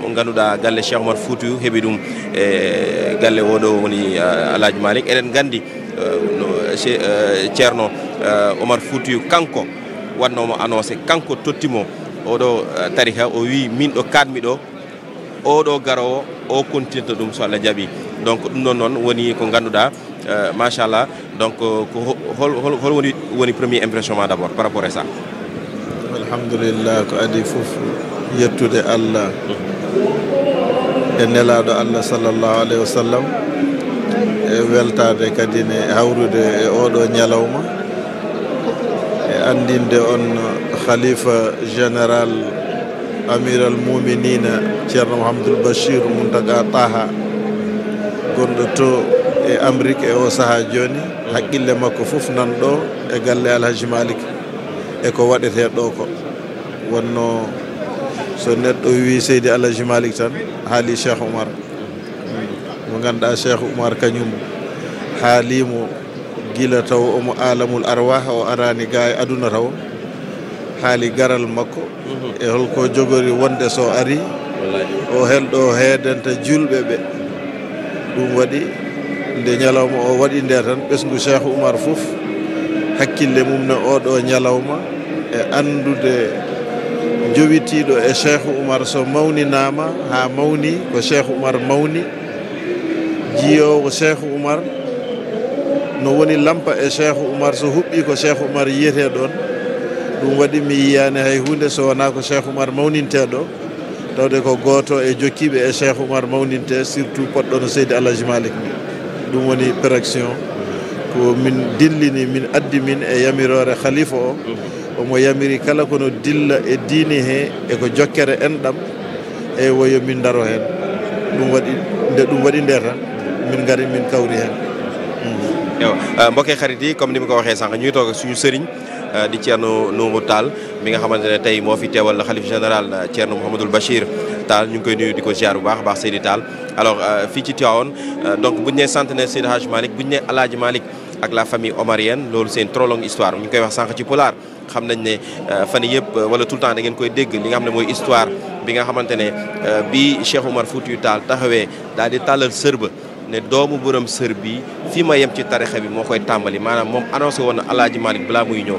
mo ganduɗa galle cheikh oumar fouty heeɓi ɗum e galle oɗo woni uh, alaji malik eɗen gandi uh, uh, ceerno oumar fouty kanko wadnomo annoncé kanko tottimo oɗo tariha o wi min ɗo kadmi ɗo oɗo garowo o continta ɗum so allah jaaɓi donc ɗum ɗon noon woni ko ganduɗa machallah donc ko hol woni woni premier impression ma d' abord par rapport e ça alhamdoulillah ko adi foof yettude allah mhm. e nelaaɗo allah sallllahu alayhi wa sallam e weltaade kadi ne hawrude e ooɗo ñalawma e anndinde on khalifa général amir al muminina ceerno mouhamadoul bachir muntaga taha gonɗo to e amérique e o sahaa jooni haqqille makko fof nan ɗo e galle alhaji malik e ko waɗetee ɗo ko wonno so neɗɗo wi seydi alhaji malik tan haali cheikh oumar mo ganduɗa cheikh oumar kañum haalimo guila taw omo alamul arwah o arani ga e aduna taw haali garal makko e holko jogori wonde so ari o helɗo heedanta julɓe ɓe ɗum waɗi nde ñalawma o waɗi nde tan ɓesgu cheikh oumar foof hakkille mum ne oɗo ñalawma e andude jowitiɗo e cheikh oumar so mawninama ha mawni ko cheikh oumar mawni jiyowo cheikh oumar no woni lampa e cheikh oumar so huɓɓi ko cheikh oumar yiyete ɗon ɗum waɗi mi yiyani hay hunde so wona ko cheikh oumar mawninteɗo tawde ko goto e jokkiɓe e cheikh oumar mawninte surtout poɗɗo no seydi alhaji malik ni ɗum woni pérection ko min dillini min addi min e yamirore khalifa o mm -hmm. omo yamiri kala kono dilla e diine he e ko jokkere en ɗam e woyo min daro hen ɗum waɗi nde ɗum waɗi nde tan min gari min kawri hen ewa mbokkee xarit yi comme ni ma ko waxee sànq ñuy toog ak suñu sëriñ di Thierno Nourou Tall mi nga xamante ne tey moo fi teewal xalif général Thierno Mouhamadoul Bachir Tall ñu ngi koy nuyu di ko ziar bu baax baax Seydi Tall alors fii ci Tivaouane donc bu ñu nee centenaire Seydi Hadj Malick bu ñu nee Alaaji Malick ak la famille omarienne loolu c'est une trop longue histoire ñu ngi koy wax sànq ci pulaar xam nañ ne euh, fan yëpp euh, wala tout le temps da koy dégg li nga xam ne mooy histoire bi nga xamante ne euh, bi Cheikh Omar Foutiyou Tall taxawee daal di tàllal sër ba ne doomu borom sër bi fii ma yem ci tarixa bi moo koy tàmbali maanaam moom annoncé woon na Alaaji Malick balaa muy ñëw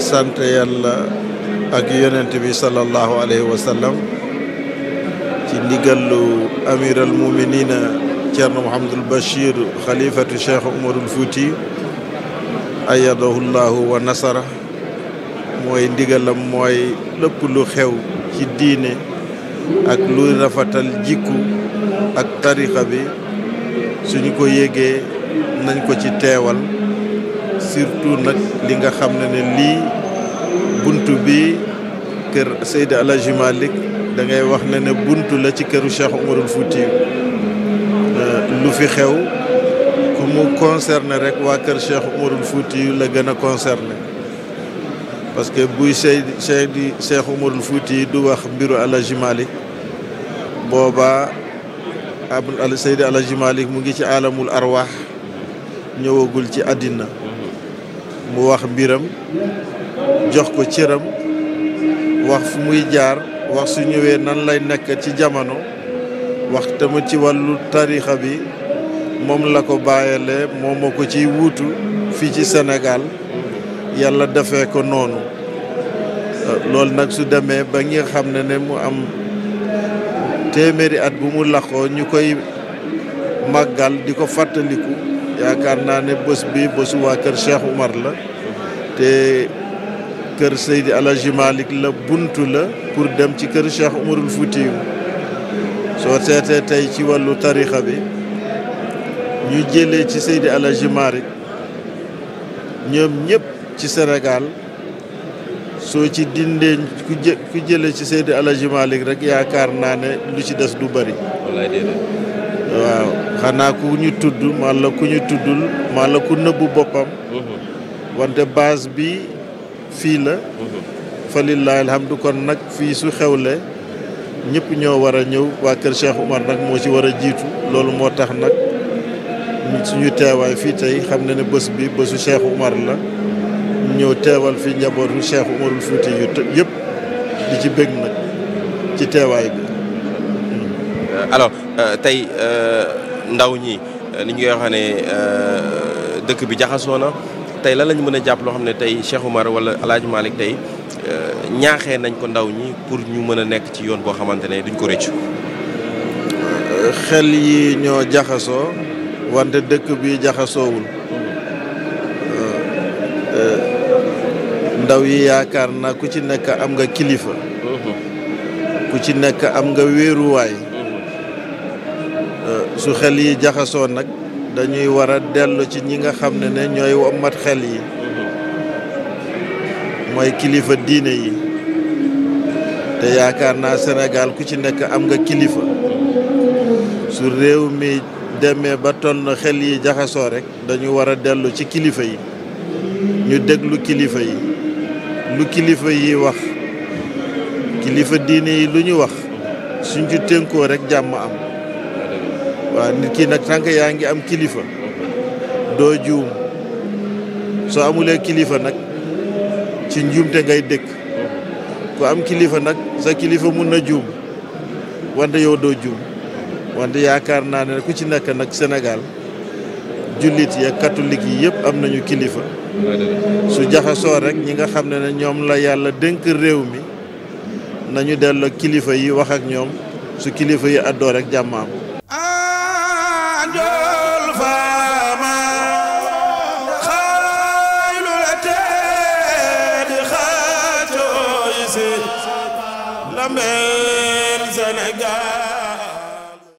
sant yàlla ak yonent bi sallallahu alayhi wa sallam ci ndigalu amiral muminina Thierno Mouhamadul Bachir xalifatu Cheikh Umarul Fouti ayadahu llahu wa nasara mooy ndigalam mooy lëpp lu xew ci diine ak lu rafetal jikku ak tarixa bi suñu ko yégee nañ ko ci teewal surtout nag li nga xam na ne lii buntu bi kër Seydi El Hadji wax ne ne bunt la ci këru Cheikh Oumarul Fouti euh, lu fi xew ku mu concerné rek waa kër Cheikh Oumarul Fouti la gën a concerné parce que buy Seydi Seydi Cheikh Oumarul Fouti du wax mbiru El booba ab Seydi El mu ngi ci alamul arwaax ñëwagul ci àddina mu wax mbiram jox ko cëram wax fu muy jaar wax su ñëwee nan lay nekk ci jamono wax ci wàllu tariixa bi moom la ko bàyyale moom ko ciy wuutu fii ci Sénégal yàlla defee ko noonu loolu nag su demee ba ngi xam ne ne mu am téeméeri at bu mu laxoo ñu koy màggal di ko fàttaliku yaakaar naa ne bés bi bésu waa kër Cheikh Oumar la te kër Seydi Alaji la buntu la pour dem ci kër Cheikh Oumarul Foutiyu soo seetee tey ci wàllu tarixa bi ñu jële ci Seydi Alaji Malick ñoom ñépp ci Sénégal soo ci dindee ku jë ci Seydi Alaji rek yaakaar naa ne lu ci des du bari waaw xanaa ku ñu tudd la ku ñu tuddul walla ku nëbbu boppam mhm. wante base bi fii la mhm. fa lillahi alhamdu kon nag fii su xewle ñépp ñoo war a ñëw waa kër Cheikh Oumar nag moo ci war a jiitu loolu moo tax nag suñu teewaay fii tey xam na ne bés bi bésu Cheikh Oumar la ñëw teewal fi njabootu Cheikh Oumarul Fuuti yu yëpp di ci bëgg nag ci teewaay bi alors euh, tey euh, ndaw ñi euh, ni ñu koy ne dëkk bi jaxasoo na tey lan la ñu mën a jàpp loo xam ne tey Cheikh Oumar wala El Hadj Malick tey ñaaxee nañ ko ndaw ñi pour ñu mën a nekk ci yoon boo xamante ne duñ ko rëccu. xel yi ñoo jaxasoo wante dëkk bi jaxasoowul ndaw yi yaakaar naa ku ci nekk am nga kilifa mhm. ku ci nekk am nga weeruwaay su xel yi jaxasoo nag dañuy war a dellu ci ñi nga xam ne ne ñooy mat xel yi mooy kilifa diine yi te yaakaar naa Sénégal ku ci nekk am nga kilifa su réew mi demee ba toll xel yi jaxasoo rekk dañu war a dellu ci kilifa yi ñu déglu kilifa yi lu kilifa yi wax kilifa diine yi lu ñu wax suñ ci tënkoo rekk jàmm am waaw nit ki nag tànk yaa ngi am kilifa doo juum soo amulee kilifa nag ci njuumte ngay dëkk ku am kilifa nag sa kilifa mun na juum wante yow doo juum wante yaakaar naa ne ku ci nekk nag senegaal jullit ya katolik yi yëpp am nañu kilifa su jaxasoo rek ñi nga xam ne ñoom la yàlla dénk réew mi nañu delloo kilifa yi wax ak ñoom su kilifa yi àddoo rek jàmm